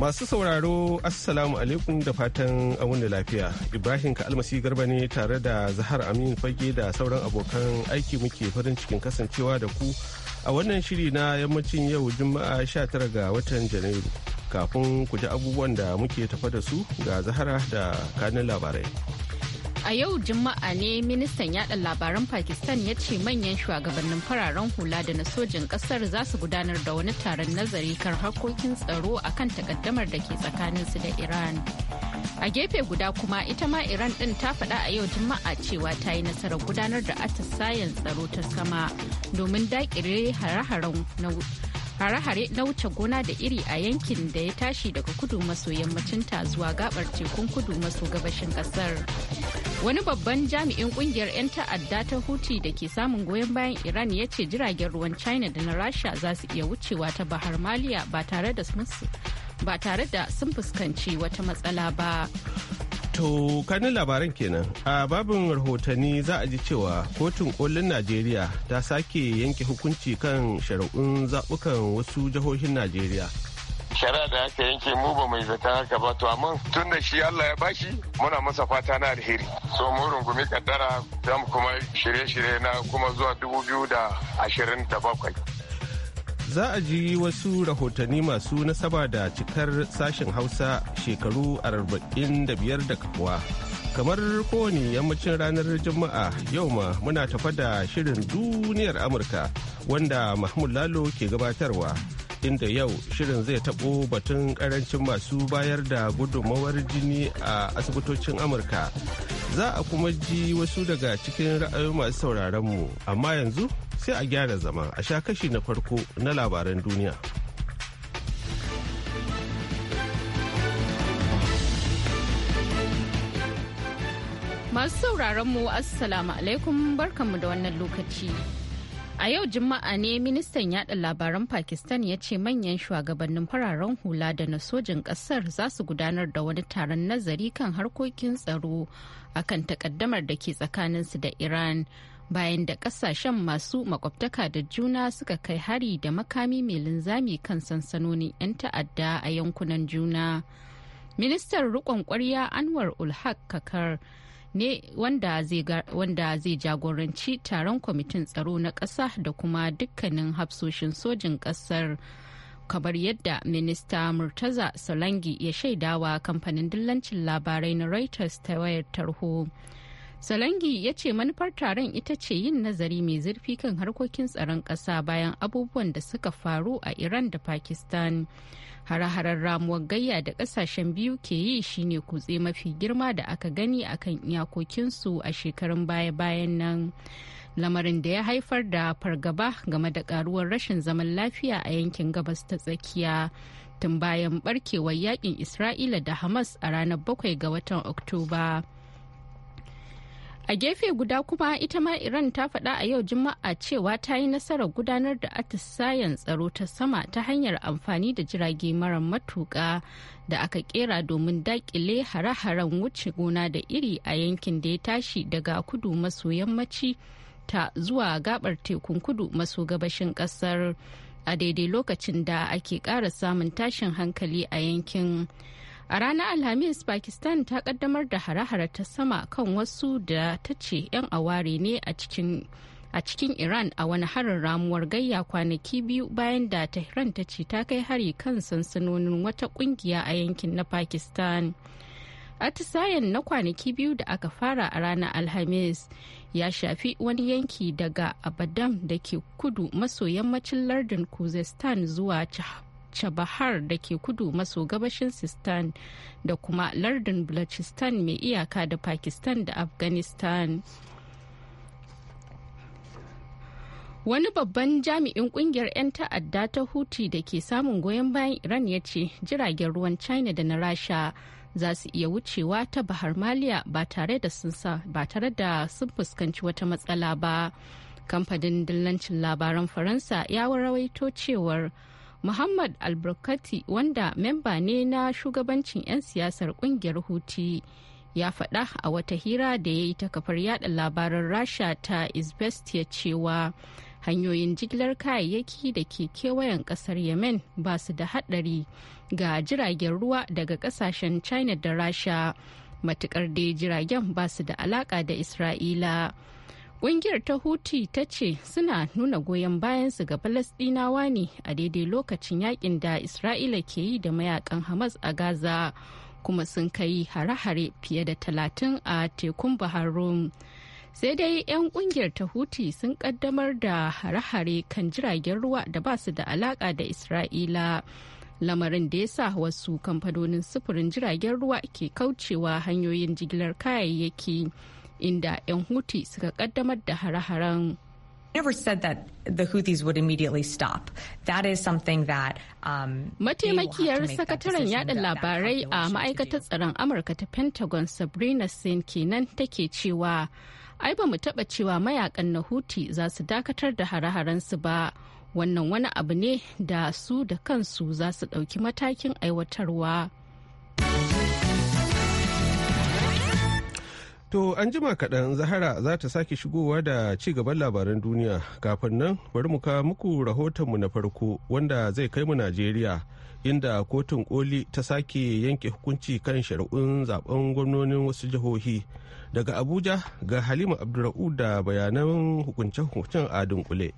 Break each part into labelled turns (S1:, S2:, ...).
S1: Masu sauraro Assalamu alaikum da fatan da lafiya. Ibrahim Almasi Garba ne tare da Zahar Amin Fage da sauran abokan aiki muke farin cikin kasancewa da ku a wannan shiri na yammacin yau Juma'a 19 ga watan Janairu. Kafin ku ji abubuwan da muke tafa da su ga Zahara da kanin labarai.
S2: A yau Juma'a ne ministan yada labaran Pakistan ya ce manyan shugabannin fararen hula da na sojin kasar za su gudanar da wani taron nazari kan harkokin tsaro a kan takaddamar da ke tsakanin su da Iran. A gefe guda kuma ita ma Iran ɗin ta faɗa a yau Juma'a cewa ta yi nasarar gudanar da atisayen tsaro ta sama domin daƙire hare na hare-hare na wuce gona da iri a yankin da ya tashi daga kudu maso yammacinta zuwa gabar tekun kudu maso gabashin kasar wani babban jami'in kungiyar 'yan ta'adda ta huti da ke samun goyon bayan iran ya ce jiragen ruwan china da na rasha za su iya wucewa ta bahar maliya ba tare da sun fuskanci wata matsala ba
S1: to kanin labaran kenan a babin rahotanni za a ji cewa kotun kolin najeriya ta sake yanke hukunci kan shari'un zaɓukan wasu jihohin najeriya
S3: shari'a da aka yanke mu ba mai zata haka ba to amma tun da shi Allah ya bashi muna masa fata na alheri so mu rungumi kaddara zamu kuma shirye-shirye na kuma zuwa dubu biyu da ashirin da bakwai.
S1: za a ji wasu rahotanni masu nasaba da cikar sashen hausa shekaru 45 da kafuwa kamar kowane yammacin ranar juma'a yau ma muna tafa da shirin duniyar amurka wanda mahmud lalo ke gabatarwa inda yau shirin zai tabo batun karancin masu bayar da gudunmawar jini a asibitocin Amurka. Za a kuma ji wasu daga cikin ra'ayoyin masu sauraronmu, amma yanzu sai a gyara zama a sha kashi na farko na labaran duniya.
S2: Masu sauraron mu Assalamu alaikum barkanmu da wannan lokaci. A yau Juma'a ne ministan yaɗa labaran Pakistan ya ce manyan shugabannin fararen hula da na sojin ƙasar za su gudanar da wani taron nazari kan harkokin tsaro a kan takaddamar da ke tsakanin su da Iran bayan da ƙasashen masu makwabtaka da juna suka kai hari da makami mai linzami kan sansanonin 'yan ta'adda a yankunan juna. Ministan riƙon ƙwarya Anwar Ulhaq Kakar. ne wanda zai jagoranci taron kwamitin tsaro na ƙasa da kuma dukkanin hafsoshin sojin ƙasar kamar yadda minista murtaza salangi ya shaidawa kamfanin dillancin labarai na reuters ta wayar tarho salangi ya ce manufar taron ita ce yin nazari mai zurfi kan harkokin tsaron ƙasa bayan abubuwan da suka faru a iran da pakistan hare-haren ramuwar gayya da kasashen biyu ke yi shine kutse mafi girma da aka gani akan iyakokinsu a shekarun baya-bayan nan lamarin da ya haifar da fargaba game da karuwar rashin zaman lafiya a yankin gabas ta tsakiya tun bayan barkewar yakin isra'ila da hamas a ranar 7 ga watan oktoba. A gefe guda kuma ita ma Iran ta faɗa a yau Juma'a cewa ta yi nasarar gudanar da atisayen tsaro ta sama ta hanyar amfani da jirage mara matuƙa da aka kera domin daƙile hare-haren wuce gona da iri a yankin da ya tashi daga kudu maso yammaci ta zuwa gabar tekun kudu maso gabashin ƙasar a daidai lokacin da ake ƙara samun tashin hankali a yankin. A ranar Alhamis, Pakistan ta kaddamar da hare-hare ta sama kan wasu da ta ce 'yan aware ne a cikin a cikin Iran a wani harin ramuwar gayya kwanaki biyu bayan da Tehran ta ce ta kai hari kan sansanonin wata kungiya a yankin na Pakistan. Atisayen na kwanaki biyu da aka fara a ranar Alhamis ya shafi wani yanki daga Abadam da ke kudu maso yammacin lardin Kuzestan zuwa chabahar da ke kudu maso gabashin sistan da kuma lardin balochistan mai iyaka da pakistan da afghanistan wani babban jami'in kungiyar 'yan ta'adda ta huti da ke samun goyon bayan iran ya ce jiragen ruwan china da na rasha za su iya wucewa ta bahar maliya ba tare da sun fuskanci wata matsala ba kamfanin dillancin labaran faransa ya rawaito cewar muhammad albarkati wanda memba ne na shugabancin 'yan siyasar kungiyar huti ya faɗa a wata hira da ya yi ta kafar yada labaran rasha ta izbestia cewa hanyoyin jigilar kayayyaki da ke kewayen kasar yemen ba su da haɗari ga jiragen ruwa daga kasashen china da rasha matukar dai jiragen ba su da alaka da isra'ila Ƙungiyar ta Huti ta ce suna nuna goyon bayan su ga Falasɗinawa ne a daidai lokacin yakin da Isra'ila ke yi da mayakan Hamas a Gaza kuma sun kai hare-hare fiye da talatin a tekun Bahar sai dai 'yan ƙungiyar ta huti sun ƙaddamar da hare-hare kan jiragen ruwa da ba su da alaƙa da isra'ila lamarin da ya sa wasu kamfanonin sufurin jiragen ruwa ke kaucewa hanyoyin jigilar kayayyaki inda 'yan huti suka kaddamar da hare-haren never said that the Houthis would immediately stop. That is something that um, Mataimakiyar sakataren yada labarai a ma'aikatar tsaron Amurka ta Pentagon Sabrina Sin kenan take cewa ai ba mu taba cewa mayakan na Houthi za su dakatar da hare-harensu ba. Wannan wani abu ne da su da kansu za su ɗauki matakin aiwatarwa.
S1: To an jima kaɗan Zahara za ta sake shigowa da ci gaban labaran duniya kafin nan bari mu ka muku mu na farko wanda zai kai mu Najeriya inda kotun koli ta sake yanke hukunci kan shari'un zaben gwamnonin wasu jihohi daga Abuja ga Halima Abdurra'u da bayanan hukunce-hukuncen a dunkule.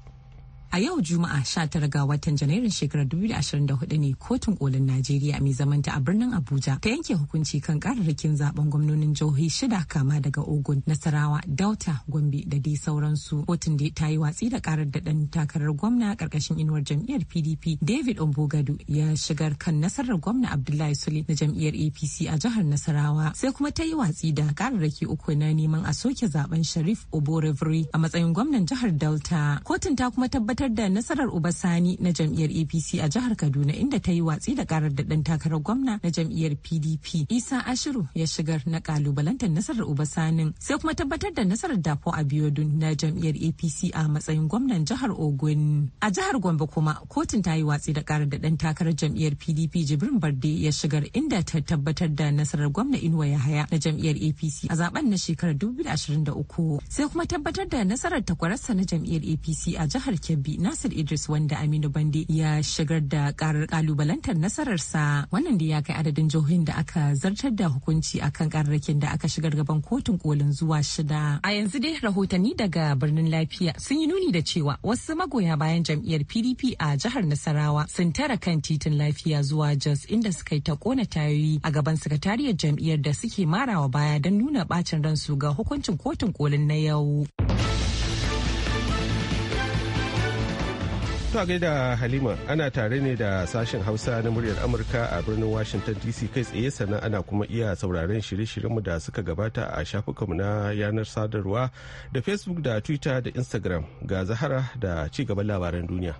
S4: a yau juma'a 19 ga watan janairun shekarar 2024 ne kotun kolin najeriya mai zamanta a birnin abuja ta yanke hukunci kan kararrakin zaben gwamnonin jihohi shida kama daga ogun nasarawa dauta gombe da dai sauransu kotun da ta yi watsi da karar da dan takarar gwamna karkashin inuwar jam'iyyar pdp david ombogadu ya shigar kan nasarar gwamna abdullahi sule na jam'iyyar apc a jihar nasarawa sai kuma ta yi watsi da kararraki uku na neman a soke zaben sharif oborevri a matsayin gwamnan jihar delta kotun ta kuma tabbatar tabbatar da nasarar sani na jam'iyyar APC a jihar Kaduna inda ta yi watsi da karar da ɗan takarar gwamna na jam'iyyar PDP Isa Ashiru ya shigar na kalubalantar nasarar Ubasanin sai kuma tabbatar da nasarar Dafo Abiodun na jam'iyyar APC a matsayin gwamnan jihar Ogun. A jihar Gombe kuma kotun ta yi watsi da karar da ɗan takarar jam'iyyar PDP Jibrin Barde ya shigar inda ta tabbatar da nasarar gwamna Inuwa Yahaya na jam'iyyar APC a zaben na shekarar 2023 sai kuma tabbatar da nasarar takwararsa na jam'iyyar APC a jihar Kebbi Nasir Idris wanda Aminu Bande ya shigar da karar kalubalantar nasararsa wannan da ya kai adadin jihohin da aka zartar da hukunci akan kararrakin da aka shigar gaban kotun kolin zuwa shida. A yanzu dai rahotanni daga birnin lafiya sun yi nuni da cewa wasu magoya bayan jam'iyyar PDP a jihar Nasarawa sun tara kan titin lafiya zuwa Jos inda suka yi ta kona tayoyi a gaban sakatariyar jam'iyyar da suke marawa baya don nuna bacin ransu ga hukuncin kotun kolin na yau.
S1: To gaida Halima ana tare ne da sashen Hausa na muryar Amurka a birnin Washington DC kai tsaye sannan ana kuma iya sauraron shirye-shiryenmu da suka gabata a shafukanmu na yanar sadarwa da Facebook da Twitter da Instagram ga Zahara da ci gaban labaran duniya.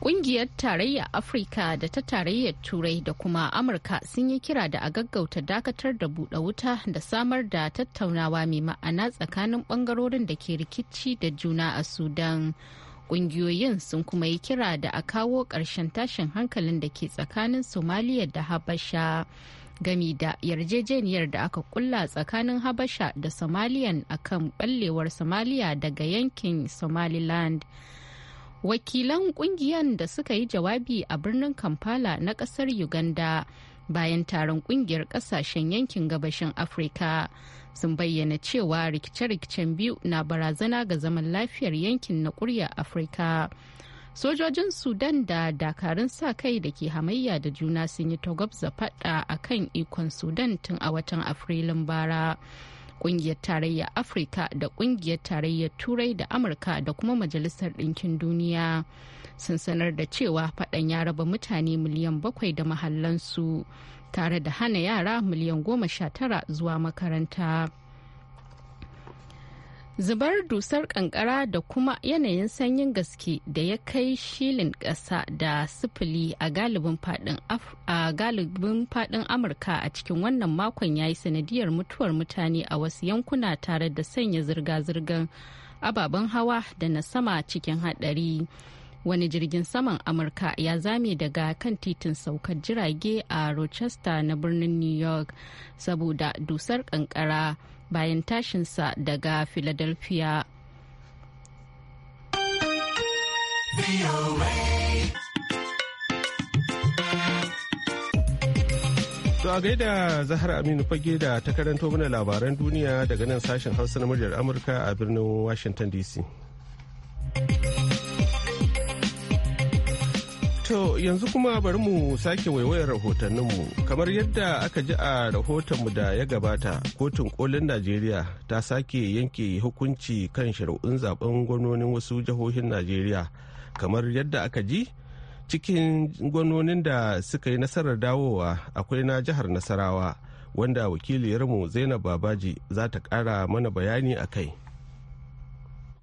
S2: Ƙungiyar Tarayya Afirka da ta Tarayyar Turai da kuma Amurka sun yi kira da a gaggauta dakatar da buɗe wuta da samar da tattaunawa mai ma'ana tsakanin ɓangarorin da ke rikici da juna a Sudan. Ƙungiyoyin sun kuma yi kira da a kawo ƙarshen tashin hankalin da ke tsakanin Somaliya da Habasha. gami da yarjejeniyar da aka kulla tsakanin habasha da somaliyan akan ballewar somaliya daga yankin somaliland wakilan kungiyan da suka yi jawabi a birnin kampala na kasar uganda bayan taron kungiyar kasashen yankin gabashin afirka sun bayyana cewa rikice-rikicen biyu na barazana ga zaman lafiyar yankin na kurya afirka sojojin sudan da dakarun sa kai da ke hamayya da juna sun yi tagwabza fada a kan ikon sudan tun a watan afrilun bara kungiyar tarayya afirka da kungiyar tarayyar turai da amurka da kuma majalisar ɗinkin duniya sun sanar da cewa fadan ya raba mutane miliyan bakwai da mahallansu tare da hana yara miliyan goma sha tara zuwa makaranta. zubar dusar kankara da kuma yanayin sanyin gaske da ya kai shilin ƙasa da sifili a galibin fadin amurka a cikin wannan makon ya yi sanadiyar mutuwar mutane a wasu yankuna tare da sanya zirga-zirgar ababen hawa da na sama cikin haɗari wani jirgin saman amurka ya zame daga kan titin saukar jirage a rochester na birnin new york saboda dusar kankara bayan tashinsa daga philadelphia
S1: To a gaida Zahar Aminu fage da ta karanto mana labaran duniya daga nan sashen Hausa na muryar Amurka a birnin Washington DC. To yanzu kuma bari mu sake waiwayar rahotanninmu. Kamar yadda aka ji a rahotonmu da ya gabata, kotun kolin Najeriya ta sake yanke hukunci kan shari'un zaben gwamnonin wasu jihohin Najeriya. Kamar yadda aka ji, cikin gwamnonin da suka yi nasarar dawowa akwai na jihar Nasarawa, wanda wakiliyarmu Zainab Babaji za ta ƙara mana bayani a kai.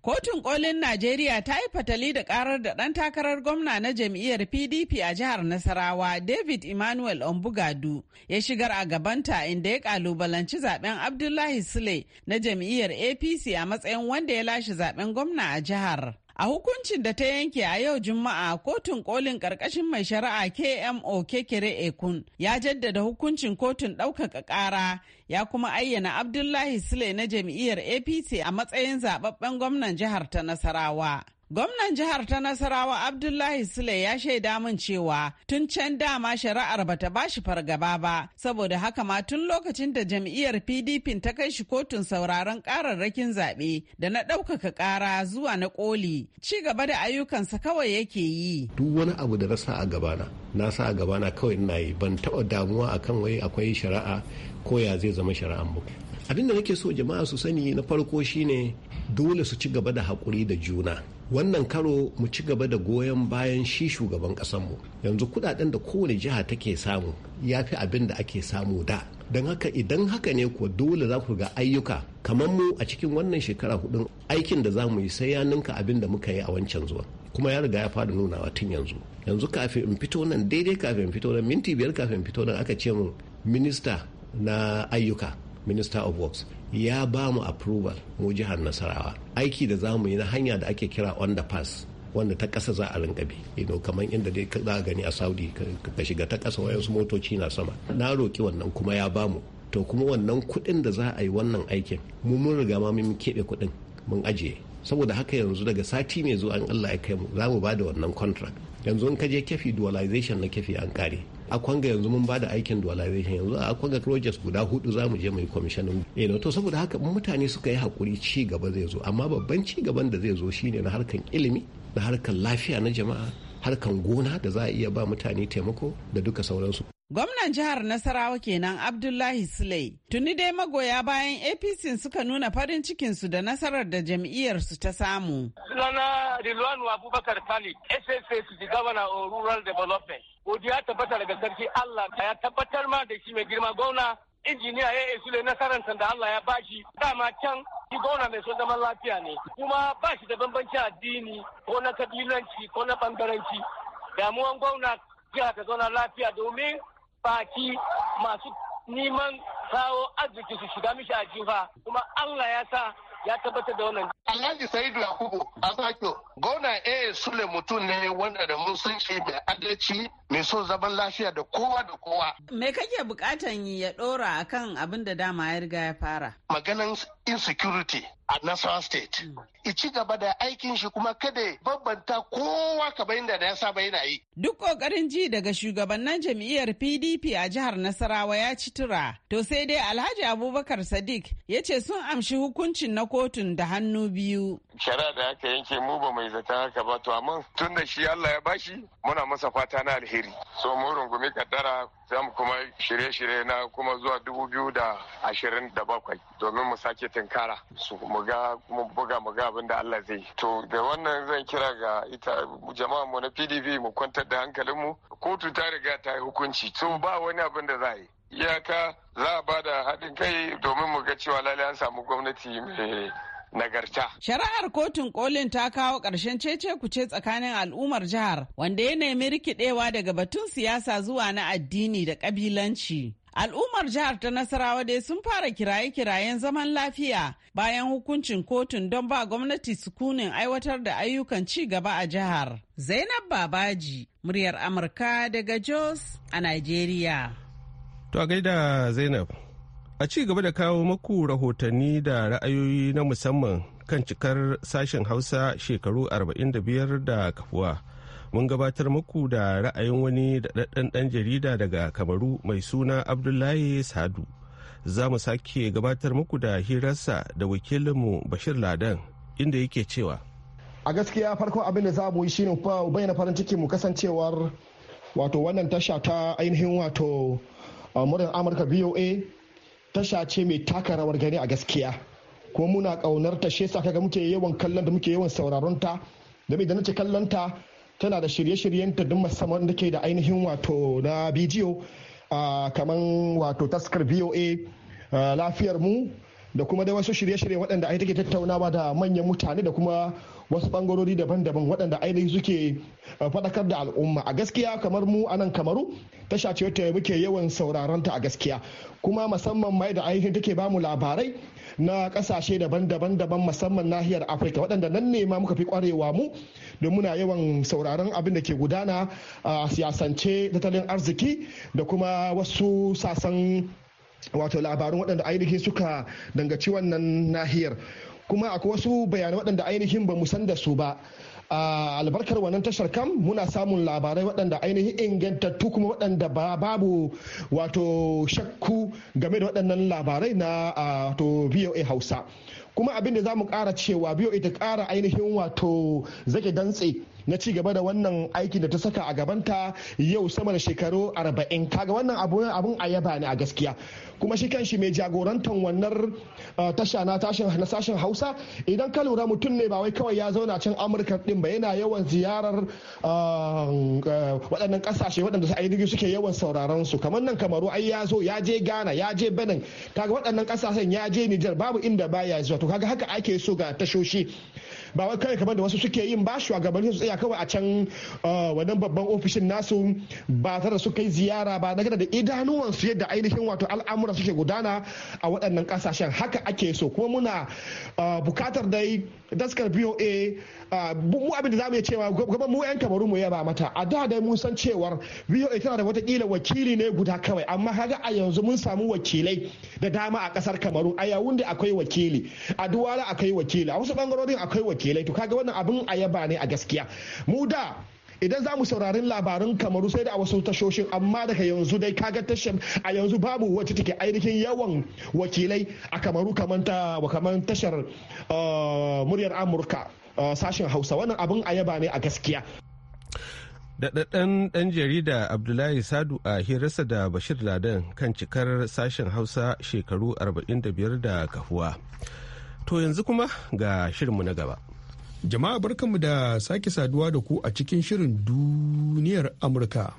S5: Kotun kolin Najeriya ta yi fatali da karar da ɗan takarar gwamna na jam'iyyar PDP a jihar Nasarawa David Emmanuel Ombugadu ya shigar a gabanta inda ya kalubalanci zaben Abdullahi Sule na jam'iyyar APC a matsayin wanda ya lashe zaben gwamna a jihar. A hukuncin da ta yanke a yau Juma'a kotun kolin karkashin mai shari'a KMO Kekere Ekun ya jaddada hukuncin kotun ɗaukaka ƙara ya kuma ayyana Abdullahi Sule na jam'iyyar APC a matsayin zababben gwamnan jihar ta Nasarawa. Gwamnan jihar ta Nasarawa Abdullahi Sule ya shaida mun cewa tun can dama shari'ar bata bashi fargaba ba, saboda haka ma tun lokacin da jam'iyyar PDP ta kai shi kotun sauraron kararrakin zaɓe da na ɗaukaka kara zuwa na koli ci gaba da ayyukansa kawai yake yi.
S6: Duk wani abu da na sa a gabana, na sa a gabana kawai ina yi ban taɓa damuwa akan wai akwai shari'a ko ya zai zama shari'an ba. Abin da nake so jama'a su sani na farko shine dole su ci gaba da haƙuri da juna. wannan karo mu ci gaba da goyon bayan shi shugaban mu yanzu kudaden da kowane jiha take samu ya fi abin da ake samu da don haka idan haka ne kuwa dole za ku ga ayyuka kamar mu a cikin wannan shekara hudun aikin da za mu yi sai ya ninka abin da muka yi a wancan zuwa kuma ya riga ya fara nunawa tun yanzu yanzu kafin in fito nan daidai kafin in fito nan minti biyar kafin in fito nan aka ce mun minista na ayyuka minister of works ya ba mu approval mu jihar nasarawa aiki da za mu yi na hanya da ake kira on the pass wanda ta kasa za a rinka bi ino kamar inda dai za gani a saudi ka shiga ta kasa wayansu motoci na sama na roki wannan kuma ya bamu to kuma wannan kuɗin da za a yi wannan aikin mu mun riga ma mun keɓe kuɗin mun ajiye saboda haka yanzu daga sati mai zuwa an Allah ya kai mu za mu bada wannan contract yanzu in ka je kefi dualization na kefi an kare a kwanga yanzu mun bada aikin dualization yanzu a kwanga projects guda hudu za mu je mu yi commissioning eh to saboda haka mutane suka yi hakuri ci gaba zai zo amma babban ci gaban da zai zo shine na harkan ilimi na harkan lafiya na jama'a harkan gona da za a iya ba mutane taimako da duka sauransu
S5: Gwamnan jihar Nasarawa kenan Abdullahi Sule. Tuni dai magoya bayan APC suka nuna farin cikinsu da nasarar da su ta samu.
S6: Sunana rilwan Abubakar Khalid, SSS, the Governor of Rural Development. Godiya tabbatar daga sarki Allah ya tabbatar ma da shi mai girma gauna. injiniya ya yi sule nasarar da Allah ya bashi dama can shi gauna mai son zaman lafiya ne kuma ba shi da bambancin addini ko na kabilanci ko na bangaranci damuwan gwamna jiha ta zauna lafiya domin baki masu neman kawo arziki su shiga mishi a jifa kuma Allah ya sa ya tabbata da wannan. Alhaji Sa'idu Yakubu Asakio, gona A Sule mutum ne wanda da shi mai adalci mai so zaman
S7: lafiya da kowa da kowa.
S5: Me kake bukatan ya dora akan abin da dama ya riga ya
S7: fara? Maganan insecurity a Nasarawa state. I
S5: hmm. ci gaba da aikin shi kuma kada bambanta kowa kamar yadda da ya saba yana yi. Duk kokarin ji daga shugabannin jam'iyyar PDP a jihar Nasarawa ya ci tura. To sai dai Alhaji Abubakar Sadiq ya ce sun amshi hukuncin na kotun da hannu biyu.
S8: shari'a da aka yanke mu
S3: ba mai zaton haka ba to amma tun da shi Allah ya bashi muna masa fata na alheri so mu rungumi kaddara za mu kuma shirye-shirye na kuma zuwa dubu biyu da ashirin da bakwai domin mu sake tunkara su mu ga kuma buga mu ga abin da Allah zai to da wannan zan kira ga ita jama'a mu na PDP mu kwantar da hankalin mu. kotu ta riga ta yi hukunci To ba wani abin da za a yi iyaka za a ba da haɗin kai domin mu ga cewa lalai an samu gwamnati mai nagarta.
S5: Shari'ar kotun kolin ta kawo ƙarshen cece kuce tsakanin al'ummar jihar wanda ya nemi rikidewa daga batun siyasa zuwa na addini da ƙabilanci. Al'ummar jihar ta Nasarawa dai sun fara kiraye-kirayen zaman lafiya bayan hukuncin kotun don ba gwamnati sukunin aiwatar da ayyukan ci gaba a jihar. Zainab Babaji, muryar Amurka daga Jos a Nigeria.
S1: To a gaida Zainab. A ci gaba da kawo maku rahotanni da ra'ayoyi na musamman kan cikar sashen Hausa shekaru 45 da kafuwa. Mun gabatar maku da ra'ayin wani daɗaɗɗen ɗan jarida daga Kamaru mai suna Abdullahi Sadu. Za mu sake gabatar muku da hirarsa da wakilinmu Bashir Ladan inda yake cewa.
S7: A gaskiya farko abin da za mu yi shine bayyana farin ciki mu kasancewar wato wannan tasha ta ainihin wato muryar Amurka VOA tasha ce mai taka rawar gani a gaskiya kuma muna kaunar ta shesa kaga muke yawan kallon da muke yawan sauraron ta da da nace kallon ta tana da shirye-shiryen ta duk musamman da ke da ainihin wato na bidiyo kaman wato taskar voa lafiyar mu da kuma da wasu shirye-shirye waɗanda ai take tattaunawa da manyan mutane da kuma wasu bangarori daban-daban waɗanda ainihi suke faɗakar da al'umma a gaskiya kamar mu anan kamaru tasha ce ta muke yawan sauraron ta a gaskiya kuma musamman mai da ainihin take bamu labarai na kasashe daban-daban daban musamman nahiyar afirka waɗanda nan ne ma muka fi kwarewa mu don muna yawan sauraron abin da ke gudana a siyasance tattalin arziki da kuma wasu sasan wato labarun waɗanda ainihin suka dangaci wannan nahiyar kuma akwai wasu bayanai waɗanda ainihin ba mu san da su ba a albarkar wannan tashar kam muna samun labarai waɗanda ainihin ingantattu kuma waɗanda babu wato shakku game da waɗannan labarai na wato voa hausa kuma abin da za mu ƙara cewa voa ta ƙara ainihin wato zake dantse na ci gaba da wannan aikin da ta saka a gabanta yau sama da shekaru arba'in kaga wannan abun a yaba ne a gaskiya kuma shi kanshi mai jagorantar wannan uh, tasha na sashen hausa idan ka lura mutum ne ba wai kawai ya zauna can amurka din ba yana yawan ziyarar uh, uh, waɗannan ƙasashe waɗanda su ainihi suke yawan sauraron su kamar nan kamaru ai ya zo ya je ghana ya je benin kaga waɗannan ƙasashen ya je nijar babu inda baya zuwa to kaga haka ake so ga tashoshi ba wai kawai kamar da wasu suke yin ba shugabanni su tsaya kawai a can uh, wannan babban ofishin nasu ba tare da su kai ziyara ba daga da idanuwan su yadda ainihin wato al'amura suke gudana a waɗannan ƙasashen haka ake so kuma muna uh, bukatar dai daskar boa uh, mu abin da za mu iya cewa gaban mu 'yan kamaru mu yaba mata a da dai mun san cewar boa tana da watakila wakili ne guda kawai amma haka a yanzu mun samu wakilai da dama a kasar kamaru a yawun da akwai wakili a duwala akwai wakili a wasu bangarorin akwai wakili wakilai to kaga wannan abin yaba ne a gaskiya mu da idan za mu saurari labarin kamaru sai da a wasu tashoshin amma daga yanzu dai kaga tashar a yanzu babu wacce take ainihin yawan wakilai a kamaru kamar tashar uh, muryar amurka uh, sashen hausa wannan abin yaba ne a gaskiya
S1: Daɗaɗɗen ɗan jarida Abdullahi Sadu a hirarsa da Bashir Ladan kan cikar sashen Hausa shekaru 45
S3: da kahuwa To yanzu kuma ga shirinmu na gaba. Jama'a barkanmu da sake saduwa da ku a cikin shirin duniyar Amurka.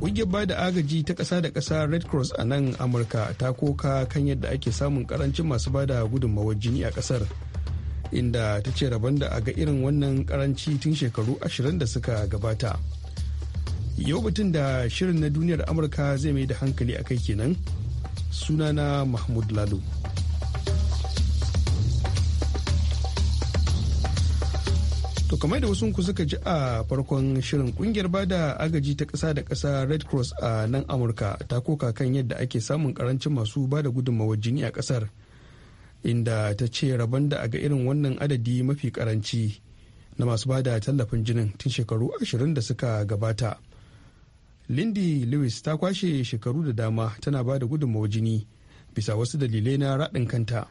S3: Ƙungiyar ba da agaji ta ƙasa da ƙasa Red Cross a nan Amurka ta koka kan yadda ake samun ƙarancin masu bada gudunmawar jini a ƙasar. inda ta ce rabon da ga irin wannan karanci tun shekaru ashirin da suka gabata yau batun da shirin na duniyar amurka zai mai da hankali a kai kenan sunana mahmud lalo To kamar da wasu ku suka ji a farkon shirin kungiyar bada agaji ta ƙasa da ƙasa Red Cross a nan Amurka ta koka kan yadda ake samun karancin masu bada gudunmawar jini a ƙasar. inda ta ce rabon da aga irin wannan adadi mafi karanci na masu ba da tallafin jinin tun shekaru ashirin da suka gabata lindy lewis ta kwashe shekaru da dama tana ba da gudunmawar jini bisa wasu dalilai na raɗin kanta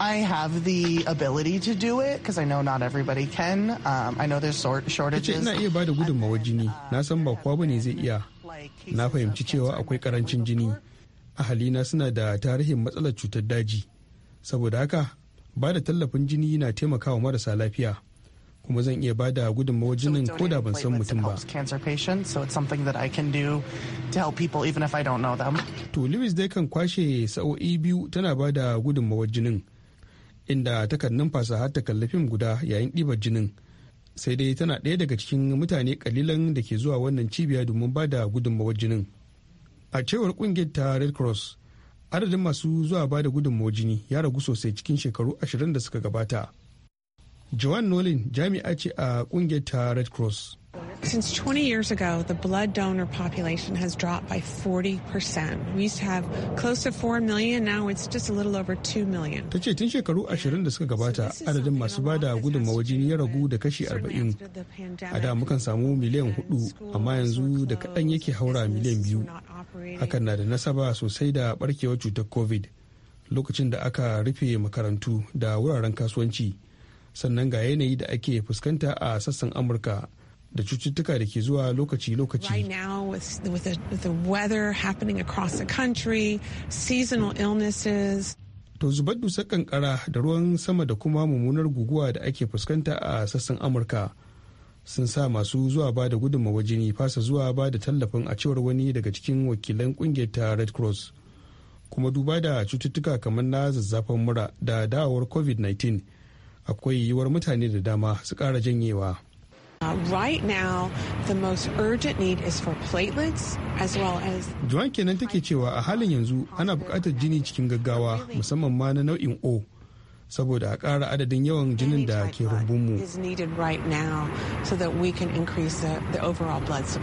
S3: I have the ability to do it because I know not everybody can. Um, I know there's shortages. ina iya bada gudunmawar jini, na san ba kowa bane zai iya. Na fahimci cewa akwai karancin jini. Ahalina suna da tarihin matsalar cutar daji. saboda haka ba da tallafin jini na taimakawa marasa lafiya kuma zan iya ba da gudunmawar jinin ko da ban san mutum ba. To Lewis dai kan kwashe sa'o'i biyu tana ba da gudunmawar jinin inda takan numfasa har ta kalli fim guda yayin ɗibar jinin sai dai tana ɗaya daga cikin mutane kalilan da ke zuwa wannan cibiya domin ba da gudunmawar jinin. A cewar ƙungiyar ta Red Cross adadin masu zuwa ba da gudunmawar jini ya ragu sosai cikin shekaru ashirin da suka gabata joan nolin jami'a ce a kungiyar ta red cross Since 20 years
S5: ago, the blood donor population has dropped by 40%. We used to have close to 4 million, now it's just a little over 2 million.
S3: Ta ce tun shekaru 20 da suka gabata adadin masu ba da gudunmawa jini ya ragu da kashi 40. A da mukan samu miliyan 4, amma yanzu da kaɗan yake haura miliyan 2. Hakan na da nasaba sosai da barkewar cutar COVID lokacin da aka rufe makarantu da wuraren kasuwanci. Sannan ga yanayi da ake fuskanta a sassan Amurka. da cututtuka da ke zuwa lokaci-lokaci.
S5: the the across
S3: To zubar dusar kankara da ruwan sama da kuma mummunar guguwa da ake fuskanta a sassan Amurka sun sa masu zuwa ba da gudunmawa jini fasa zuwa ba da tallafin a cewar wani daga cikin wakilan kungiyar ta Red Cross. Kuma duba da cututtuka kamar na zazzafan mura da dawowar COVID-19 akwai yiwuwar mutane da dama su ƙara janyewa.
S5: Uh, the most urgent need is for as
S3: juwan kenan take cewa a halin yanzu ana bukatar jini cikin gaggawa musamman ma na nau'in O. saboda a kara adadin yawan jinin da ke rumbunmu.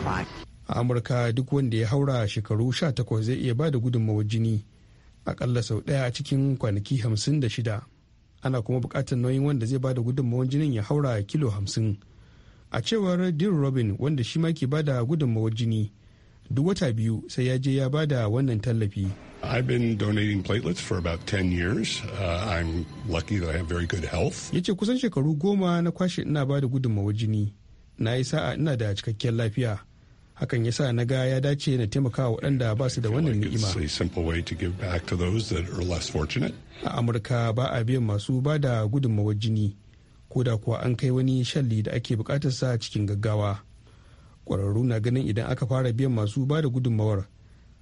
S3: A Amurka duk wanda ya haura shekaru 18 zai iya ba da gudunmawar jini akalla sau ɗaya a cikin kwanaki hamsin da shida Ana kuma bukatar nauyin wanda zai ba da gudunmawar jinin ya haura kilo hamsin. a cewar dean robin wanda shi ma ke bada gudunmawa jini duk wata biyu sai ya je ya bada wannan tallafi I've been
S6: donating platelets for about 10 years. Uh, I'm lucky that I have very good health.
S3: yace kusan shekaru goma na kwashe ina bada gudunmawa jini. Na yi sa'a ina da cikakken lafiya. Hakan yasa na ga ya dace na taimaka waɗanda ba su da wannan ni'ima. A Amurka ba a biyan masu bada da gudunmawar jini. ko da kuwa an kai wani shalli da ake bukatar sa cikin gaggawa ƙwararru na ganin idan aka fara biyan masu ba da gudunmawar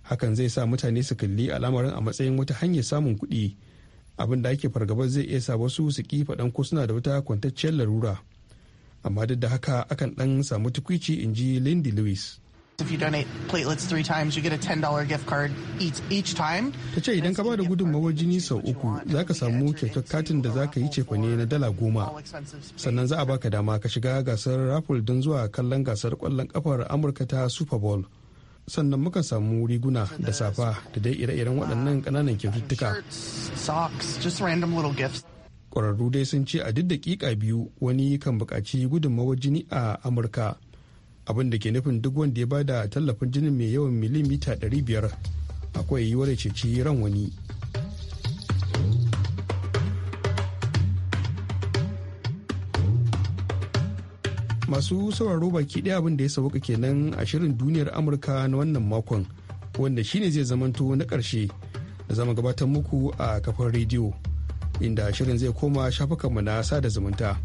S3: hakan zai sa mutane su kalli al'amarin a matsayin wata hanyar samun kuɗi abin da ake fargaba zai iya sa wasu su ki faɗan ko suna da wata kwantacciyar larura amma duk da haka akan ɗan samu tukwici in ji lindy lewis
S5: If you donate platelets three times, you get a $10 gift card each, each time.
S3: Ta ce idan ka ba da gudunmawar jini sau uku za ka samu kyautar katin da za ka yi cefane na dala goma. Sannan za a baka dama ka shiga gasar raffle don zuwa kallon gasar kwallon kafar Amurka ta Super Bowl. Sannan muka samu riguna da safa da dai ire-iren waɗannan ƙananan kyaututtuka. Ƙwararru dai sun ce a duk daƙiƙa biyu wani kan buƙaci gudunmawar jini a Amurka. abin da ke nufin duk wanda ya bada tallafin jinin mai yawan milimita 500 akwai yiwuwar ceci ran wani masu sauraro baki ɗaya abin da ya sauka kenan a shirin duniyar amurka na wannan makon wanda shine zai zamanto na ƙarshe da zama gabatar muku a kafin rediyo inda shirin zai koma shafukanmu na sada zumunta.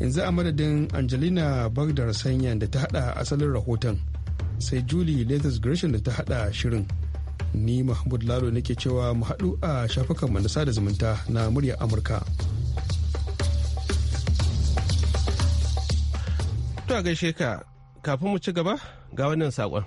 S3: yanzu a madadin angelina bagdar sanyan da ta hada asalin rahoton sai julie latest gresham da ta hada shirin ni mahmud lalo nake cewa mu hadu a shafukan mu na sada zumunta na muryar amurka to gaishe ka kafin mu ci gaba
S1: ga wannan saƙon.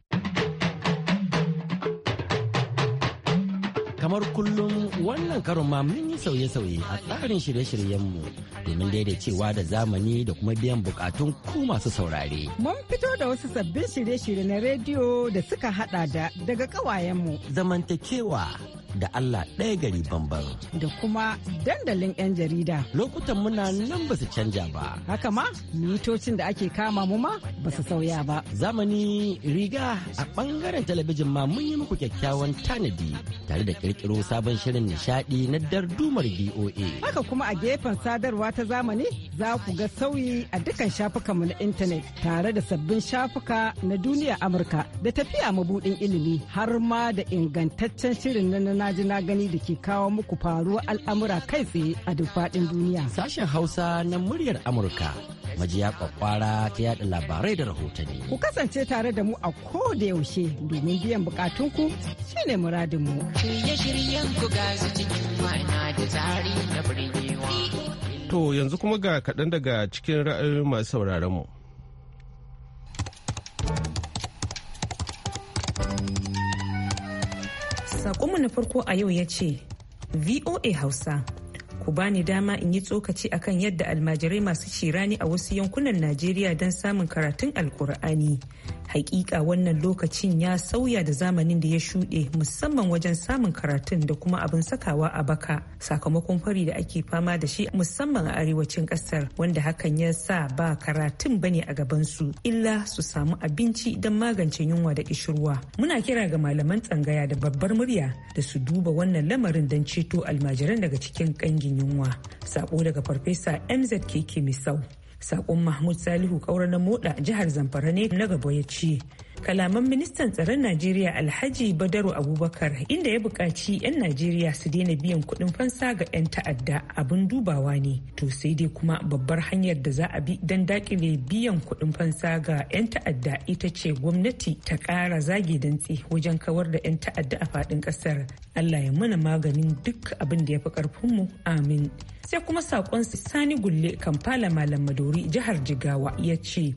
S9: kamar kullum wannan karon ma mun yi sauye-sauye a tsarin shirye-shiryenmu domin daidaicewa da zamani da kuma biyan bukatun ku masu saurare. Mun fito da wasu sabbin shirye-shirye na rediyo da suka hada da daga kawayenmu. Zamantakewa
S6: da Allah ɗaya gari bambam.
S9: Da kuma dandalin 'yan jarida. Lokutan muna nan ba su canja ba. Haka ma, mitocin da ake kama mu ma ba su sauya ba. Zamani riga a ɓangaren talabijin ma mun yi muku kyakkyawan tanadi tare da ƙirƙiro sabon shirin nishaɗi na dardumar BOA. Haka kuma a gefen sadarwa ta zamani za ku ga sauyi a dukkan shafukanmu na intanet tare da sabbin shafuka na duniya Amurka da tafiya mabuɗin ilimi har ma da ingantaccen shirin na na ji na gani da ke kawo muku faruwar al'amura kai tsaye a duk faɗin duniya. Sashen Hausa na muryar Amurka majiya kwakwara ta yada labarai da rahotanni. Ku kasance tare da mu a ko da yaushe domin biyan bukatunku shine muradin mu.
S1: To yanzu kuma ga kaɗan daga cikin ra'ayoyin masu sauraron mu.
S8: Sakonmu na farko a yau ya ce, VOA Hausa, ku bani dama in yi tsokaci akan yadda almajirai masu cirani a wasu yankunan najeriya don samun karatun alkur'ani hakika wannan lokacin ya sauya da zamanin da ya shuɗe musamman wajen samun karatun da kuma abin sakawa a baka sakamakon fari da ake fama da shi musamman a arewacin ƙasar wanda hakan ya sa ba karatun bane a gabansu illa su samu abinci don magance yunwa da kishirwa muna kira ga malaman tsangaya da babbar murya da su duba wannan lamarin don ceto almajiran daga cikin ƙangi. jin yunwa sako daga farfesa mzkk misau sakon mahmud salihu kaura na moda jihar zamfara ne na gaba ya ce kalaman ministan tsaron Najeriya Alhaji Badaru Abubakar inda ya buƙaci 'yan Najeriya su daina biyan kuɗin fansa ga 'yan ta'adda abin dubawa ne. To sai dai kuma babbar hanyar da za a bi don dakile biyan kuɗin fansa ga 'yan ta'adda ita ce gwamnati ta ƙara zage dantse wajen kawar da 'yan ta'adda a faɗin ƙasar. Allah ya mana maganin duk abin da ya fi ƙarfinmu amin. Sai kuma saƙon Sani Gulle Kamfala Malam Madori jihar Jigawa ya ce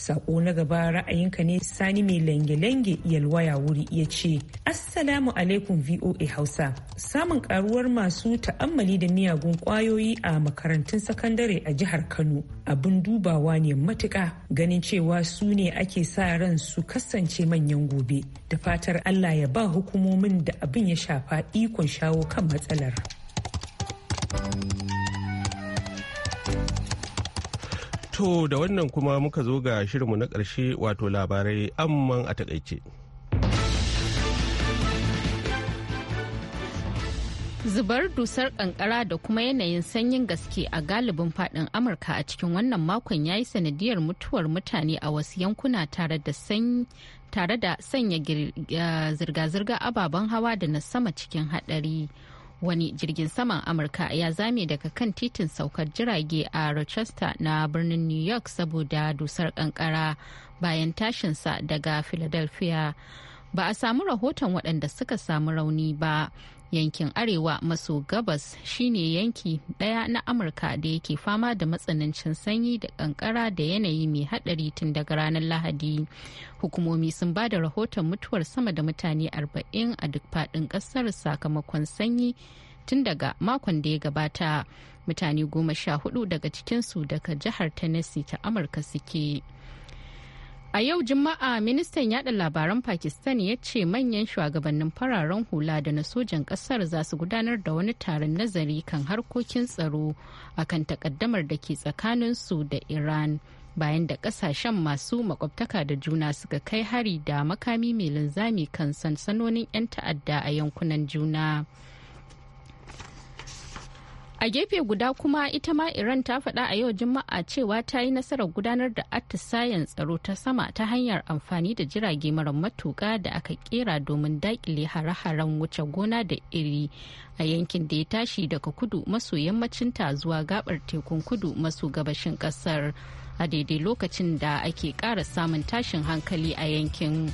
S8: Sako na gaba ra'ayinka ne sani mai lange-lange yalwaya wuri ya ce, Assalamu alaikum VOA Hausa. Samun karuwar masu ta'ammali da miyagun kwayoyi a makarantun sakandare a jihar Kano abin dubawa ne matuka ganin cewa su ne ake sa ran su kasance manyan gobe. Da fatar Allah ya ba hukumomin da abin ya shafa ikon shawo kan matsalar.
S1: To da wannan kuma muka zo ga shirinmu na ƙarshe wato labarai amman a taƙaice.
S2: Zubar dusar kankara da kuma yanayin sanyin gaske a galibin fadin Amurka a cikin wannan makon ya yi sanadiyar mutuwar mutane a wasu yankuna tare da tare da sanya eh, zirga-zirga ababen hawa da na sama cikin haɗari. wani jirgin saman amurka ya zame daga kan titin saukar jirage a rochester na birnin new york saboda dusar kankara bayan tashinsa daga philadelphia ba a samu rahoton waɗanda suka samu rauni ba yankin arewa maso gabas shine yanki daya na amurka da yake fama da matsanancin sanyi da kankara da yanayi mai hadari tun daga ranar lahadi hukumomi sun ba da rahoton mutuwar sama da mutane 40 a duk fadin kasar sakamakon sanyi tun daga makon da ya gabata mutane goma sha hudu daga cikinsu daga jihar tennessee ta amurka suke. A yau Juma'a ministan yaɗa labaran Pakistan ya ce manyan shugabannin fararen hula da na sojan ƙasar za su gudanar da wani taron nazari kan harkokin tsaro a kan takaddamar da ke tsakanin su da Iran bayan da kasashen masu makwabtaka da juna suka kai hari da makami mai linzami kan sansanonin 'yan ta'adda a yankunan juna. a gefe guda kuma ita ma iran ta faɗa a yau juma'a cewa ta yi nasarar gudanar da atisayen tsaro ta sama ta hanyar amfani da jirage mara matuƙa da aka kera domin daƙile hare-haren wuce gona da iri a yankin da ya tashi daga kudu maso yammacinta zuwa gabar tekun kudu maso gabashin ƙasar a daidai lokacin da ake ƙara samun tashin hankali a yankin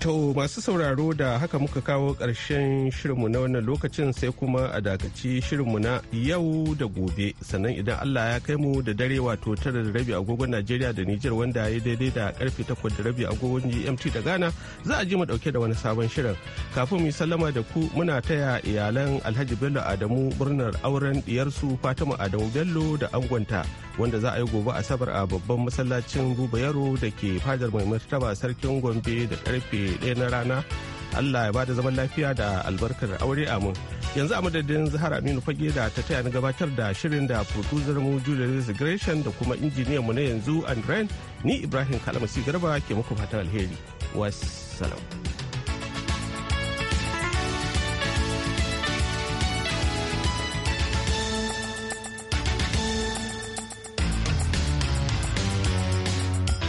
S1: To masu sauraro da haka muka kawo ƙarshen shirinmu na wannan lokacin sai kuma a dakaci shirinmu na yau da gobe sannan idan Allah ya kai mu da dare wato tara da rabi agogon Najeriya da Nijar wanda ya daidai da karfe takwas da rabi agogon GMT da Ghana za a ji mu dauke da wani sabon shirin. Kafin mu sallama da ku muna taya iyalan Alhaji Bello Adamu murnar auren diyarsu Fatima Adamu Bello da angonta wanda za a yi gobe Asabar a babban masallacin Buba Yaro da ke fadar mai martaba sarkin Gombe da karfe ɗaya na rana allah ya bada zaman lafiya da albarkar aure amin yanzu a madadin zahar aminu fage da ta taya ni gabatar da shirin da producer mu julius gresham da kuma injiniyan mu na yanzu andren ni ibrahim kalamasi garba ke muku fatan alheri wassalam